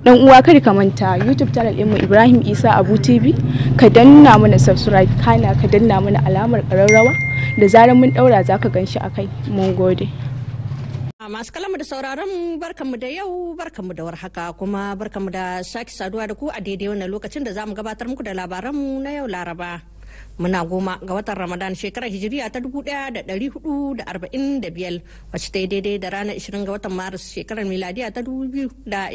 dan uwa kada ka manta youtube channel mu ibrahim isa abu tv ka danna mana subscribe kana ka danna mana alamar kararrawa da zarar mun daura za ka ganshi a kai mun gode ah, masu kalamu da sauraron barkanmu da yau barkanmu da warhaka kuma barkanmu da sake saduwa da ku a daidai wannan lokacin da za mu gabatar muku da labaranmu na yau laraba muna goma ga watan ramadan shekarar hijiriya ta 1445 wacce ta yi daidai da ranar 20 ga watan maris shekarar miladiya ta 2024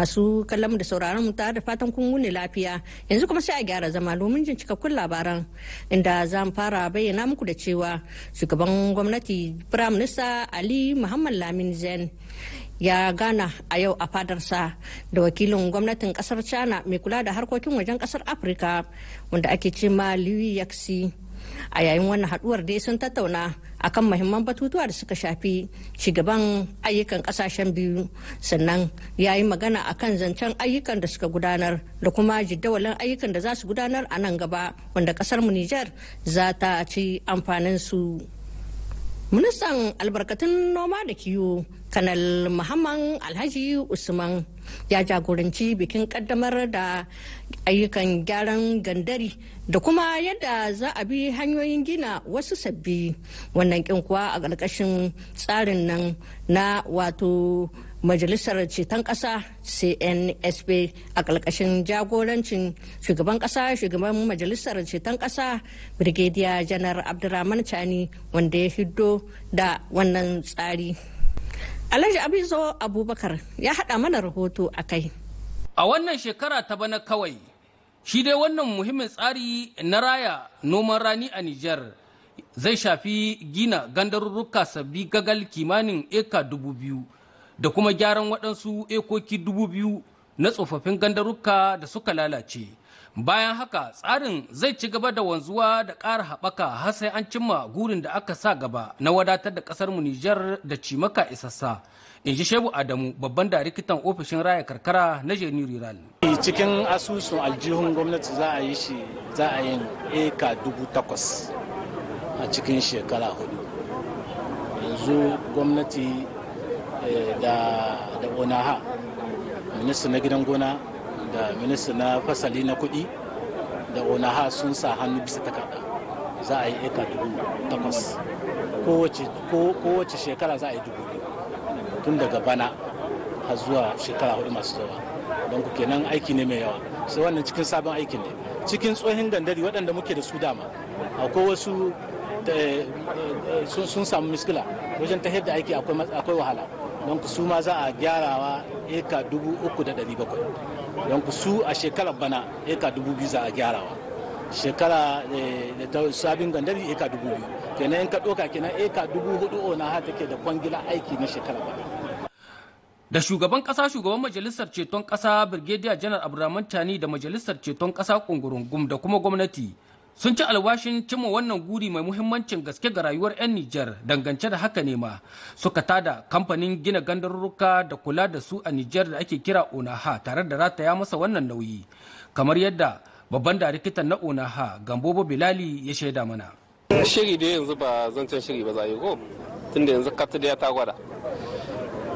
masu kallon da sauraron mu tare da fatan kun wuni lafiya yanzu kuma sai a gyara zama domin jin cikakkun labaran inda za mu fara bayyana muku da cewa shugaban gwamnati prime minister ali muhammad lamin zain ya gana a yau a fadarsa da wakilin gwamnatin kasar china mai kula da harkokin wajen kasar afirka wanda ake ce ma liu a yayin wannan haduwar dai sun tattauna akan mahimman batutuwa da suka shafi shigaban ayyukan kasashen biyu sannan ya yi magana akan zancen ayyukan da suka gudanar da kuma jidawalin ayyukan da za su gudanar a nan gaba wanda kasar mu nijar za ta ci amfanin su ministan albarkatun noma da kiwo kanal muhammad alhaji usman ya jagoranci bikin kaddamar da ayyukan gyaran gandari da kuma yadda za a bi hanyoyin gina wasu sabbi wannan kin kuwa a ƙarƙashin tsarin nan na wato majalisar ceton ƙasa cnsp a ƙarƙashin jagorancin shugaban ƙasa shugaban majalisar ceton ƙasa brigadier janar abdulrahman chani wanda ya hiddo da wannan tsari Alhaji Abizo Abubakar ya haɗa mana rahoto a kai. A wannan shekara ta bana kawai, shi dai wannan muhimmin tsari na raya noman rani a Nijar zai shafi gina gandarurruka sabbi gagal kimanin eka dubu biyu da kuma gyaran waɗansu ekoki dubu biyu na tsofaffin gandaruka da suka lalace bayan haka tsarin zai ci gaba da wanzuwa da ƙara haɓaka har sai an cimma gurin da aka sa gaba na wadatar da ƙasar mu Nijar da cimaka isassa in ji shebu adamu babban darikitan ofishin raya karkara na jeni rural cikin asusun aljihun gwamnati za a yi shi za a yi eka dubu takwas a cikin shekara hudu yanzu gwamnati eh, da onaha minista na gidan gona da minista na fasali na kudi da onaha sun sa hannu bisa takarda za a yi eka dubu takwas kowace shekara za a yi dubu biyu tun daga bana har zuwa shekara hudu masu zuwa don ku kenan aiki ne mai yawa sai wannan cikin sabon aikin ne cikin tsohin gandari waɗanda muke da su dama akwai wasu eh, eh, sun samu miskila wajen ta da aiki akwai wahala don su ma za a gyarawa eka dubu uku da dari bakwai don su a shekarar bana eka dubu biyu za a gyarawa shekara eh, da ta sabin gandari eka dubu biyu kenan ka kenan eka dubu hudu na ha take da kwangila aiki na shekarar bana da shugaban kasa shugaban majalisar ceton kasa brigadier janar abdulrahman tani da majalisar ceton kasa kungurungum da kuma gwamnati sun ci alwashin cimma wannan guri mai muhimmancin gaske ga rayuwar 'yan Nijar dangance da haka ne ma suka tada kamfanin gina gandarruka da kula da su a Nijar da ake kira Onaha tare da rataya masa wannan nauyi kamar yadda babban darikitan na Onaha Gambobo Bilali ya shaida mana. Shiri da yanzu ba zancen shiri ba za yi ko tunda yanzu ta gwada.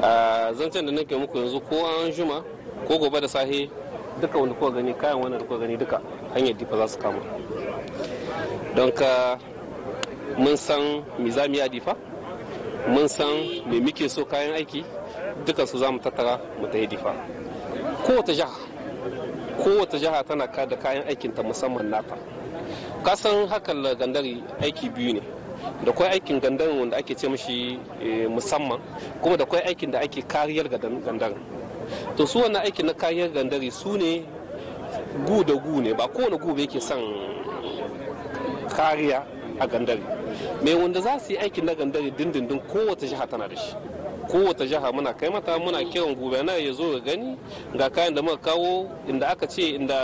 Ah, zancen da nake muku yanzu ko an juma ko gobe da sahe duka wanda kuka gani kayan wanda kuka gani duka hanyar difa za su kama don ka mun san me za mu yi a difa mun san me muke so kayan aiki duka su za mu tattara mu ta yi difa kowace jiha kowace jiha tana da kayan aikinta musamman nata kasan hakan gandari aiki biyu ne da kwai aikin gandarin wanda ake ce mashi eh, musamman kuma da kwai aikin da ake kariyar gandarin to su wannan aikin na kayan gandare su ne gu da gu ne ba kowane gu yake son kariya a gandare mai wanda za su yi aikin na gandare dindindin kowace jiha tana da shi kowace jiha muna kai mata muna kiran gubernar ya zo ga gani ga kayan da muka kawo inda aka ce inda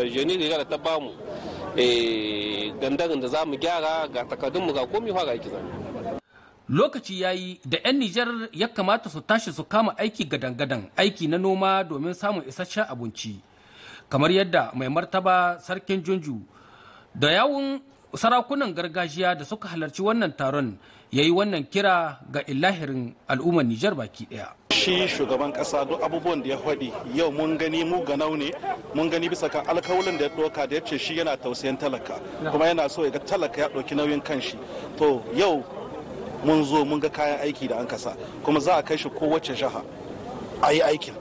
eh, jeni riga da ta bamu eh, gandarin da za mu gyara ga takardunmu ga komi fara aiki zane lokaci ya yi da 'yan nijar ya kamata su tashi su kama aiki gadan-gadan aiki na noma domin samun isasshen abinci kamar yadda mai martaba sarkin junju da yawun sarakunan gargajiya da suka halarci wannan taron ya yi wannan kira ga ilahirin al'ummar nijar baki daya shi shugaban kasa duk abubuwan da ya faɗi yau mun gani mu ga ne mun gani bisa kan alkawalin da ya doka da ya ce shi yana tausayin talaka kuma yana so ya ga talaka ya ɗauki nauyin kanshi to yau mun zo mun ga kayan aiki da an kasa kuma za a kai shi kowace jiha a yi aikin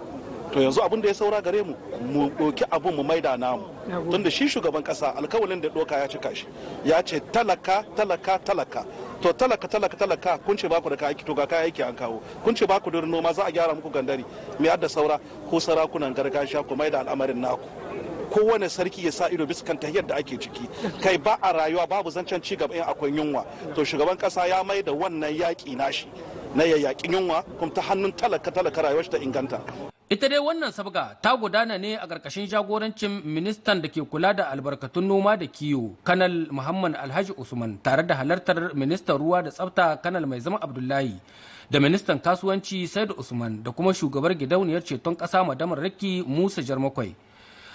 to yanzu abin da ya saura gare mu mu ɗoki abin mu maida namu tunda shi shugaban ƙasa alkawalin da ɗoka ya cika shi ya ce talaka talaka talaka to talaka talaka talaka kun ce baku da ka aiki to ga kayan aiki an kawo kun ce baku durin noma za a gyara muku gandari me da saura ko sarakunan gargajiya ku maida al'amarin naku kowane sarki ya sa ido bisa kan tahiyar da ake ciki kai ba a rayuwa babu zancen ci gaba in akwai yunwa to shugaban kasa ya mai da wannan yaƙi nashi na yayyakin yunwa kuma ta hannun talaka talaka rayuwar ta inganta ita dai wannan sabga ta gudana ne a karkashin jagorancin ministan da ke kula da albarkatun noma da kiwo kanal muhammad alhaji usman tare da halartar ministan ruwa da tsafta kanal mai zama abdullahi da ministan kasuwanci saidu usman da kuma shugabar gidauniyar ceton ƙasa madamar raki musa jarmakwai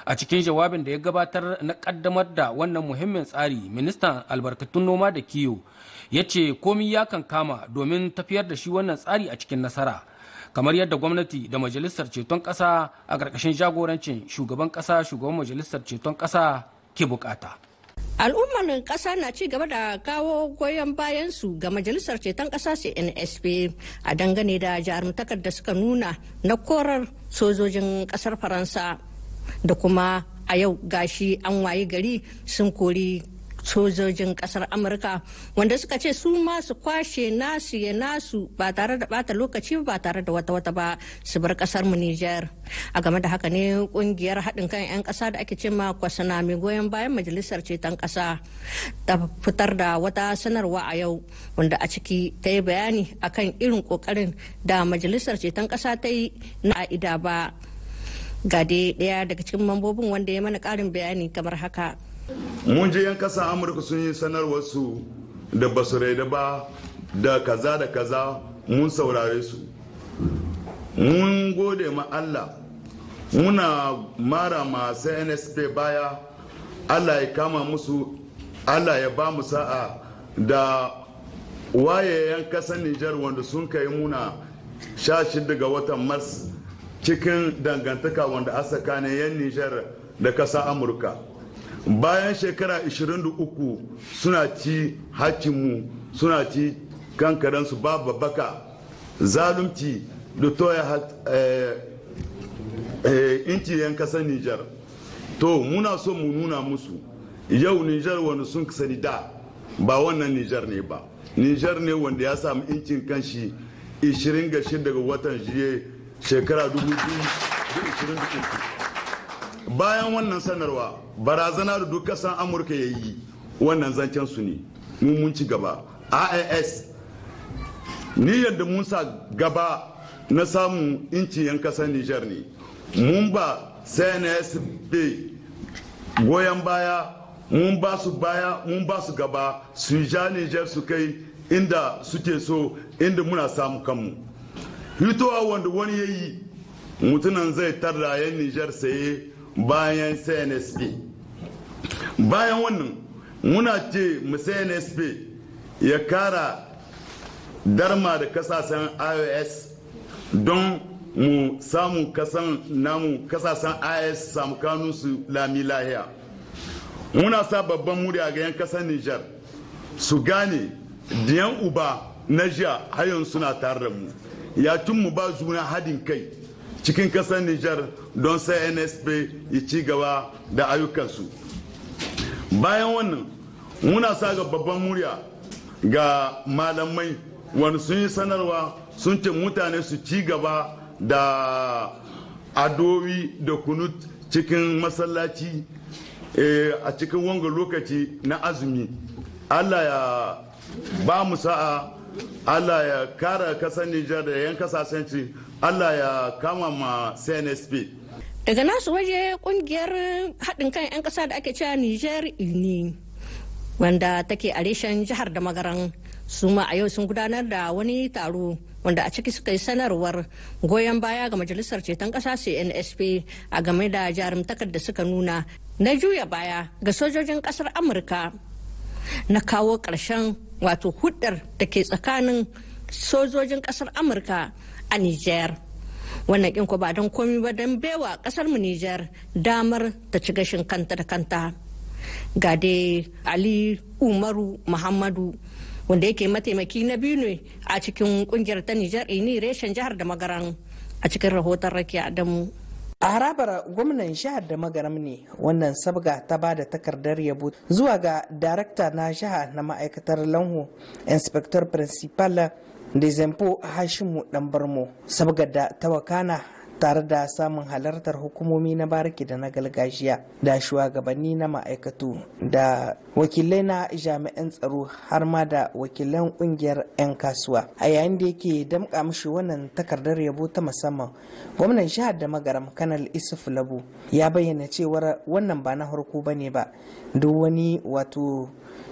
a cikin jawabin da ya gabatar na kaddamar da wannan muhimmin tsari ministan albarkatun noma da kiyo ya ce komi ya kan kama domin tafiyar da shi wannan tsari a cikin nasara kamar yadda gwamnati da majalisar ceton kasa a karkashin jagorancin shugaban ƙasa shugaban majalisar ceton ƙasa ke bukata. al'ummar ƙasa na ci gaba da kawo goyon bayan su ga majalisar ceton kasa cnsp a dangane da jarumtakar da suka nuna na korar sojojin ƙasar faransa da kuma a yau gashi an waye gari sun kori sojojin kasar amurka wanda suka ce su masu kwashe nasu ya nasu ba tare da bata lokaci ba tare da wata wata ba su bar kasar mu niger a game da haka ne kungiyar haɗin kan 'yan ƙasa da ake ce ma kwasana mai goyon bayan majalisar ceton ƙasa ta fitar da wata sanarwa a yau wanda a ciki ta yi bayani akan irin ƙoƙarin da majalisar ceton ƙasa ta yi na ida ba ga daya daga cikin mambobin wanda ya mana karin bayani kamar haka mun je 'yan kasan amurka sun yi sanarwar su da basu raida ba da kaza da kaza mun saurare su mun gode ma allah muna mara masu nsp baya allah ya kama musu allah ya ba mu sa'a da waye 'yan kasan nijar wanda sun kai muna 16 ga watan mars cikin dangantaka wanda a tsakanin yan nijar da ƙasa amurka bayan shekara 23 suna ci hakimu suna ci kankaransu babu baka zalunci da toya eh, eh, inci yan kasar nijar to muna so mu nuna musu yau nijar wani sun sani da ba wannan nijar ne ba nijar ne wanda ya samu incin kanshi 26 daga watan jiye shekara 2023 bayan wannan sanarwa barazana da duk kasan amurka ya yi wannan zancen su ne mun ci gaba ias ni yadda mun sa gaba na samun inci yan kasar nijar ne mun ba cns cnsb goyon baya mun ba su baya mun ba su gaba su ja nijar su kai inda suke so inda muna samu kanmu hitowa wanda wani ya yi mutunan zai tarra yan nijar saye bayan cnsp bayan wannan muna ce mu cnsp ya kara darma da kasashen ios don mu samu kasan namu kasasen ios samu kanu su lami lahiya muna sa babban murya ga yan kasar nijar su gane diyan uba na jiya har suna tare da mu ya mu ba juna hadin kai cikin kasar Nijar don sai NSP ya ci gaba da ayyukansu. Bayan wannan muna sa ga babban murya ga malamai wani sun yi sanarwa sun ce mutane su ci gaba da adowi da kunut cikin masallaci eh, a cikin wanga lokaci na azumi. Allah ya ba mu sa'a Allah ya kara kasar Nijar da yan kasashenci Allah ya kama ma CNSP. Daga nasu waje kungiyar haɗin kan 'yan ƙasa da ake cewa Nijar Uni wanda take a reshen jihar da magaran su ma a yau sun gudanar da wani taro wanda a ciki suka yi sanarwar goyon baya ga majalisar ceton ƙasa CNSP a game da jarumtakar da suka nuna na juya baya ga sojojin ƙasar Amurka na kawo ƙarshen wato hudar da ke tsakanin sojojin ƙasar amurka a niger wannan ɗin ba don komi ba don baiwa ƙasar mu niger damar ta ci gashin kanta da kanta ga dai ali umaru muhammadu wanda yake mataimaki na biyu ne a cikin ƙungiyar ta Niger, ini reshen jihar da magaran a cikin rahoton rakiya adamu a harabar gwamnan jihar da magaram ne wannan sabga ta ba da takardar yabo zuwa ga darakta na jiha na ma'aikatar lanho inspector principal da zampo hashimu dan barmo sabgar da tawakana tare da samun halartar hukumomi na bariki da na galgajiya, da shugabanni na ma'aikatu da wakilai na jami'an tsaro har ma da wakilan kungiyar 'yan kasuwa a yayin da yake damƙa mishi wannan takardar yabo ta musamman gwamnan jihar da magaram kanal isuf labu ya bayyana cewar wannan ba na harko ba ne ba duk wani wato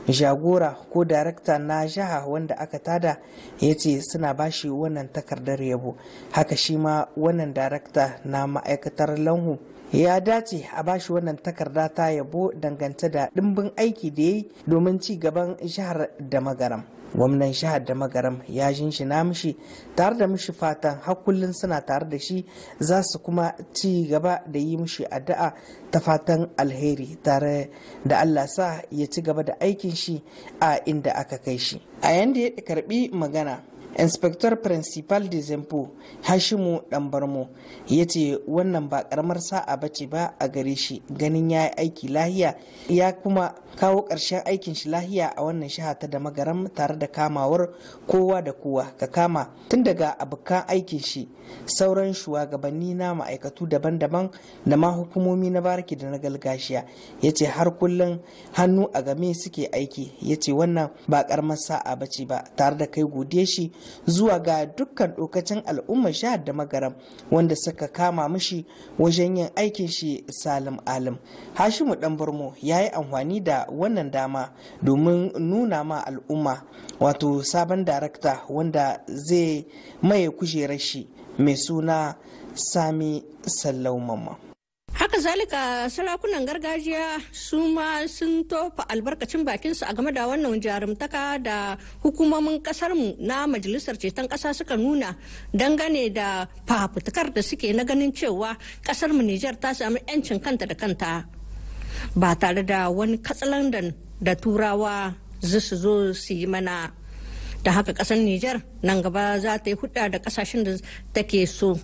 jagora ko darakta na jiha wanda aka tada ya ce suna bashi wannan takardar yabo haka shi ma wannan darakta na ma'aikatar lanhu ya dace a bashi wannan takarda ta yabo dangance da ɗimbin aiki da ya yi domin ci gaban jihar da magaram gwamnan shahar da magaram ya na mishi tare da mishi fatan har kullum suna tare da shi za su kuma ci gaba da yi mishi addu'a ta fatan alheri tare da allah sa ya ci gaba da aikin shi a inda aka kai shi a yanda ya karbi magana inspector principal de zempo hashimu ɗanbarmo ya ce wannan ba karamar sa'a ba ce ba a gare shi ganin ya yi aiki lahiya ya kuma kawo ƙarshen aikin shi lahiya a wannan shaha ta da magaram tare da kamawar kowa da kowa ka kama tun daga abokan aikin shi sauran shugabanni na ma'aikatu daban-daban da ma hukumomi na baraki da na galgashiya ya ce har kullum hannu a game suke aiki ya ce wannan ba karamar sa'a ba ce ba tare da kai godiya shi zuwa ga dukkan dokacin al'ummar jihar da magaram wanda suka kama mishi wajen yin aikin shi salim alim hashimu dan burmo ya yi amfani da wannan dama domin nuna ma al'umma wato sabon darakta wanda zai maye kujerar shi mai suna sami mamma haka zalika sarakunan gargajiya su ma sun tofa albarkacin bakinsu a game da wannan jarumtaka da hukumomin kasarmu na majalisar ceton kasa suka nuna dangane da fafutukar da suke na ganin cewa kasarmu nijar ta sami 'yancin kanta da kanta ba tare da wani katsalandan da turawa su zo su yi mana da haka kasar nijar nan gaba za ta yi hudda da kasashen da take so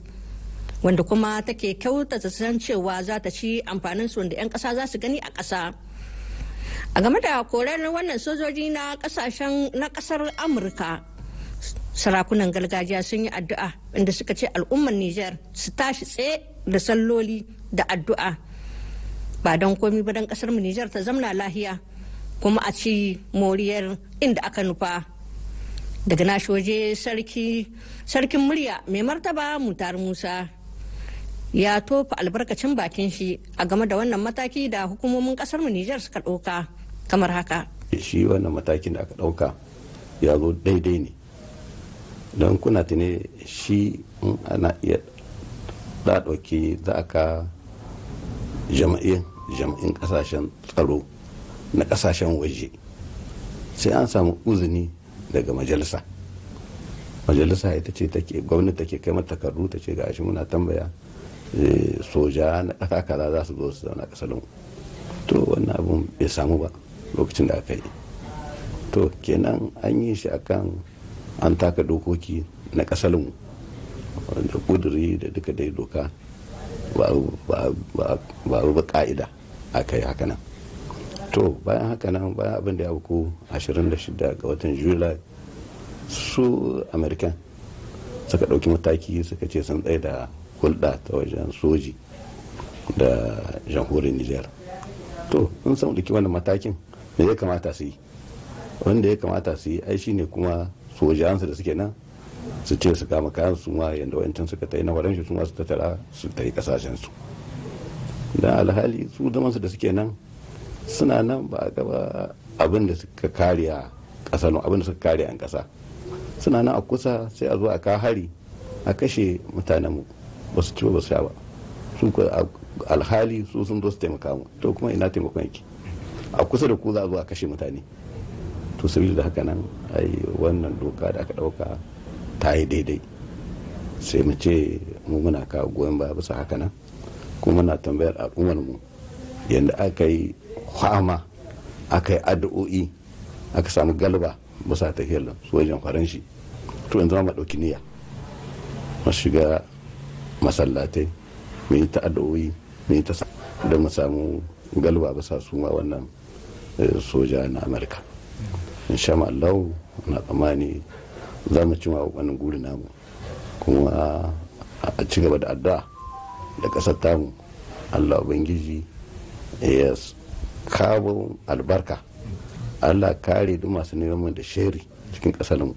wanda kuma take kyautata san cewa za ta ci amfanin su wanda 'yan kasa za su gani a kasa. a game da korar wannan sojoji na kasashen na kasar amurka sarakunan gargajiya sun yi addu'a inda suka ce al'ummar niger su tashi tsaye da salloli da addu'a ba don komi ba don kasar mu niger ta zamna lahiya kuma a ci moriyar inda aka nufa daga na shoje sarkin murya mai martaba mutar musa ya tofa albarkacin bakin shi a game da wannan mataki da hukumomin kasar mu Nijar suka ɗauka kamar haka. Shi wannan matakin da aka ɗauka ya zo daidai ne. Don kuna tune shi ana iya da ɗauki za aka jama'in jama'in ƙasashen tsaro na ƙasashen waje sai an samu uzini daga majalisa. majalisa ita ce take gwamnati take kai mata takardu ta ce ga shi muna tambaya soja na ƙasa kaza za su zo su zauna kasar to wannan abun bai samu ba lokacin da aka yi to kenan an yi shi akan an taka dokoki na ƙasar mu da kuduri da duka dai doka ba a ba ka'ida aka yi hakanan to bayan hakanan bayan abin da ya buku 26 ga watan july su american suka ɗauki mataki suka ce sun tsaye da hulɗa ta wajen soji da jamhuriyar nijar to sun san da wannan matakin me ya kamata su yi wanda ya kamata su yi ai shine kuma sojansu da suke nan su ce su kama kayan su ma yadda wancan suka ta yi na waɗansu su ma su tattara su ta yi ƙasashensu da alhali su zamansu da suke nan suna nan ba a gaba abin da suka kare a ƙasa abin da suka kare an ƙasa suna nan a kusa sai a zo a ka hari a kashe mutanenmu ba su ci ba sha ba su ku alhali su sun zo su taimaka mu to kuma ina taimakon yake a kusa da ku za a zo kashe mutane to sabili da haka nan ai wannan doka da aka dauka ta yi daidai sai mu ce mu muna kawo goyon ba bisa hakanan kuma muna tambayar al'ummar mu yadda aka yi kwama aka yi addu'o'i aka samu galiba bisa ta hiyar su wajen faranshi to yanzu ma ɗauki niyya mu shiga masallatai mu yi ta addu'o'i mu yi ta da mu samu galba ba su ma wannan eh, soja na amurka in sha ma'allahu na tsammani za mu cima wannan guri namu kuma a ci gaba da addu'a da ƙasar tamu Allah ubangiji ya kawo albarka Allah kare duk masu neman da sheri cikin ƙasar mu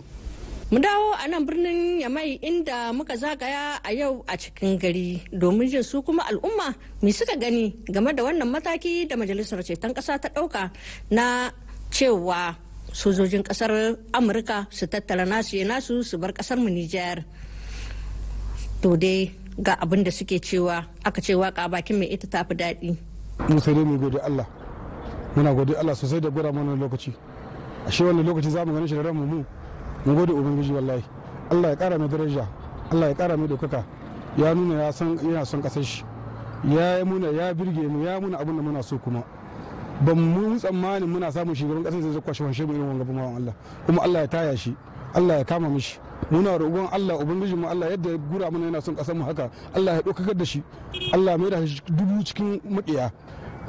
Mu dawo a nan birnin Yamai inda muka zagaya a yau a cikin gari domin jin su kuma al'umma me suka gani game da wannan mataki da majalisar ceton ƙasa ta ɗauka na cewa sojojin ƙasar Amurka su tattara nasu ya nasu su bar ƙasar mu Nijar. To dai ga abin da suke cewa aka ce waka bakin mai ita tafi daɗi. Mu sai dai mu gode Allah. Muna gode Allah sosai da gura mana lokaci. Ashe wannan lokaci za mu gani shi da mu mu mun gode ubangiji wallahi Allah ya kara mai daraja Allah ya kara mai dokaka ya nuna ya san yana son kasar shi ya yi muna ya birge mu ya muna abin da muna so kuma ban mu tsammanin muna samun shugaban kasar zai kwashe wanshe mu irin wanga bawan Allah kuma Allah ya taya shi Allah ya kama mishi muna roƙon Allah ubangiji mu Allah yadda ya gura mana yana son kasar mu haka Allah ya dokakar da shi Allah mai da shi dubu cikin maƙiya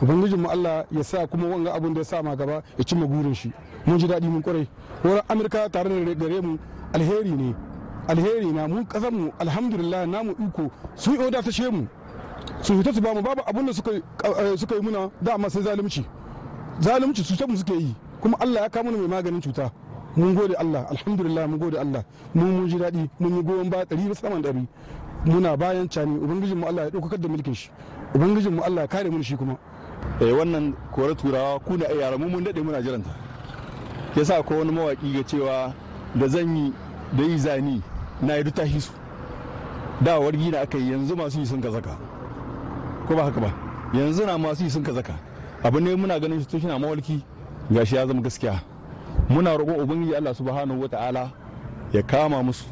ubangijin mu Allah ya sa kuma wanga abun da ya sa ma gaba ya cimma gurin shi mun ji daɗi mun kwarai wurin amurka tare da gare mu alheri ne alheri na mun kasar mu alhamdulillah namu iko su yi oda ta she mu su fita su mu babu abun da eh, suka yi muna dama sai zalunci zalunci cutar mu suke yi kuma Allah ya kama mai maganin cuta mun gode Allah alhamdulillah mun gode Allah mun mun ji daɗi mun yi goyon ba ɗari saman ɗari muna bayan cani ubangijin mu Allah ya ɗaukakar da mulkin shi ubangijin mu Allah ya kare mu shi kuma eh wannan kore turawa ku ne yara mu mun dade muna jiranta yasa ko wani mawaki ga cewa da zan yi da yi zani na yi duta hisu da wargi da aka yi yanzu masu yi sun ka zaka ko ba haka ba yanzu na masu yi sun ka zaka abu ne muna ganin shi shi na mawalki gashi ya zama gaskiya muna roƙon ubangiji Allah subhanahu wata'ala ya kama musu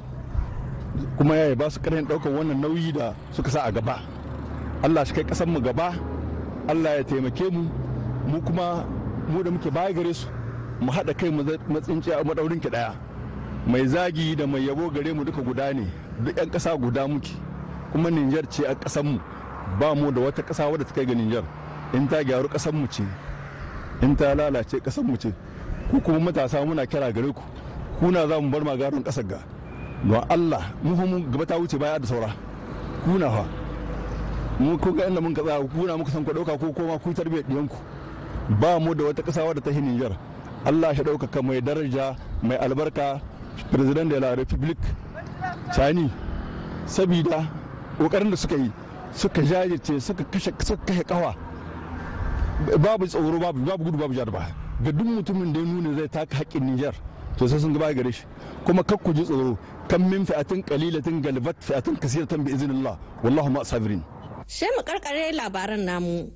kuma ya ba su ƙarfin ɗaukar wannan nauyi da suka sa a gaba Allah shi kai ƙasar mu gaba allah ya taimake mu mu kuma mu da muke baya gare su mu haɗa kai matsinci a maɗaurin ki ɗaya mai zagi da mai yabo gare mu duka guda ne duk ƴan ƙasa guda muke kuma Nijar ce a ƙasar mu ba mu da wata ƙasa wadda ta kai ga Nijar in ta gyaru ƙasar mu ce in ta lalace ƙasar mu ce ku kuma matasa muna kira gare ku kuna za mu bar magarin ƙasar ga don Allah mu fa mu gaba ta wuce baya da saura kuna fa mu ko ga inda mun ka tsaya ku na muka san ku dauka ko koma ku tarbiyyar diyanku ba mu da wata kasa wadda ta hi Niger Allah shi ka mai daraja mai albarka president de la republique sani sabida kokarin da suka yi suka jajirce suka kashe kawa babu tsoro babu babu gudu babu jarba ga duk mutumin da ya nuna zai taka haƙƙin Niger to sai sun gaba gare shi kuma kar ku ji tsoro kan min fi'atin qalilatin galbat fi'atin kasiratan bi iznillah wallahu ma sabirin sai mu karkare labaran namu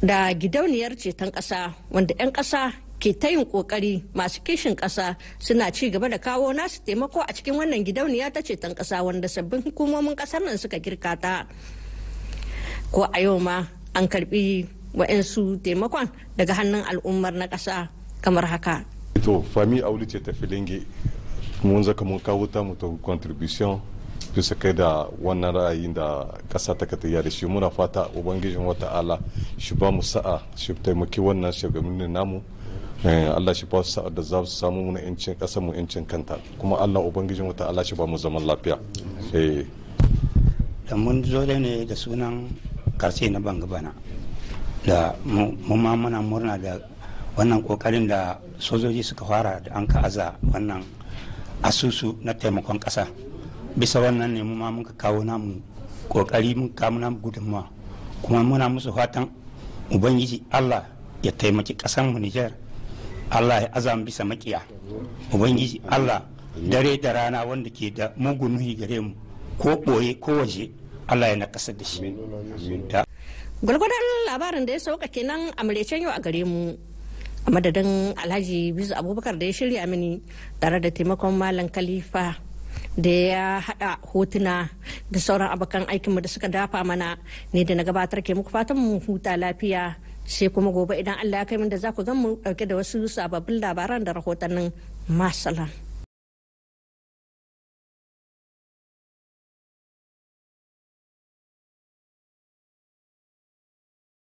da gidauniyar ceton kasa wanda 'yan kasa ke ta yin kokari masu kishin kasa suna ci gaba da kawo nasu taimako a cikin wannan gidauniya ta ceton kasa wanda sabbin hukumomin ƙasar nan suka girka ta ko a yau ma an karbi wa'insu taimakon daga hannun al'ummar na kasa kamar haka to fami auli ce ta filinge mun zaka mun kawo ta mu ta contribution su kai da wannan ra'ayin da kasa ta katayya da shi muna fata ubangijin ala shi ba mu sa'a shi taimaki wannan shugabannin namu eh, Allah shi ba su sa'a da za su samu muna yancin kasa mu yancin kanta kuma Allah ubangijin ala shi ba mu zaman lafiya eh. da mun zo da ne da sunan karse na banga bana da mu ma muna murna da wannan kokarin da sojoji suka fara da an ka aza wannan asusu na taimakon kasa. bisa wannan ne ma muka kawo namu kokari mun kawo namu gudunmawa kuma muna musu fatan ubangiji allah ya taimaki mu nijar allah ya azam bisa makiya ubangiji allah dare da rana wanda ke da mugun nuhi gare mu ko ɓoye ko waje allah ya nakasa da shi gwargwadon labarin da ya sauka kenan a maraicen yau a gare mu a madadin alhaji bizu abubakar da ya shirya mini tare da taimakon malam kalifa. da ya hada hotuna da sauran abokan aikinmu da suka dafa mana ne da na gabatar ke muku fatan mu huta lafiya sai kuma gobe idan allah ya kai min da za ku gan mu dauke da wasu sababbin labaran da rahotannin masala.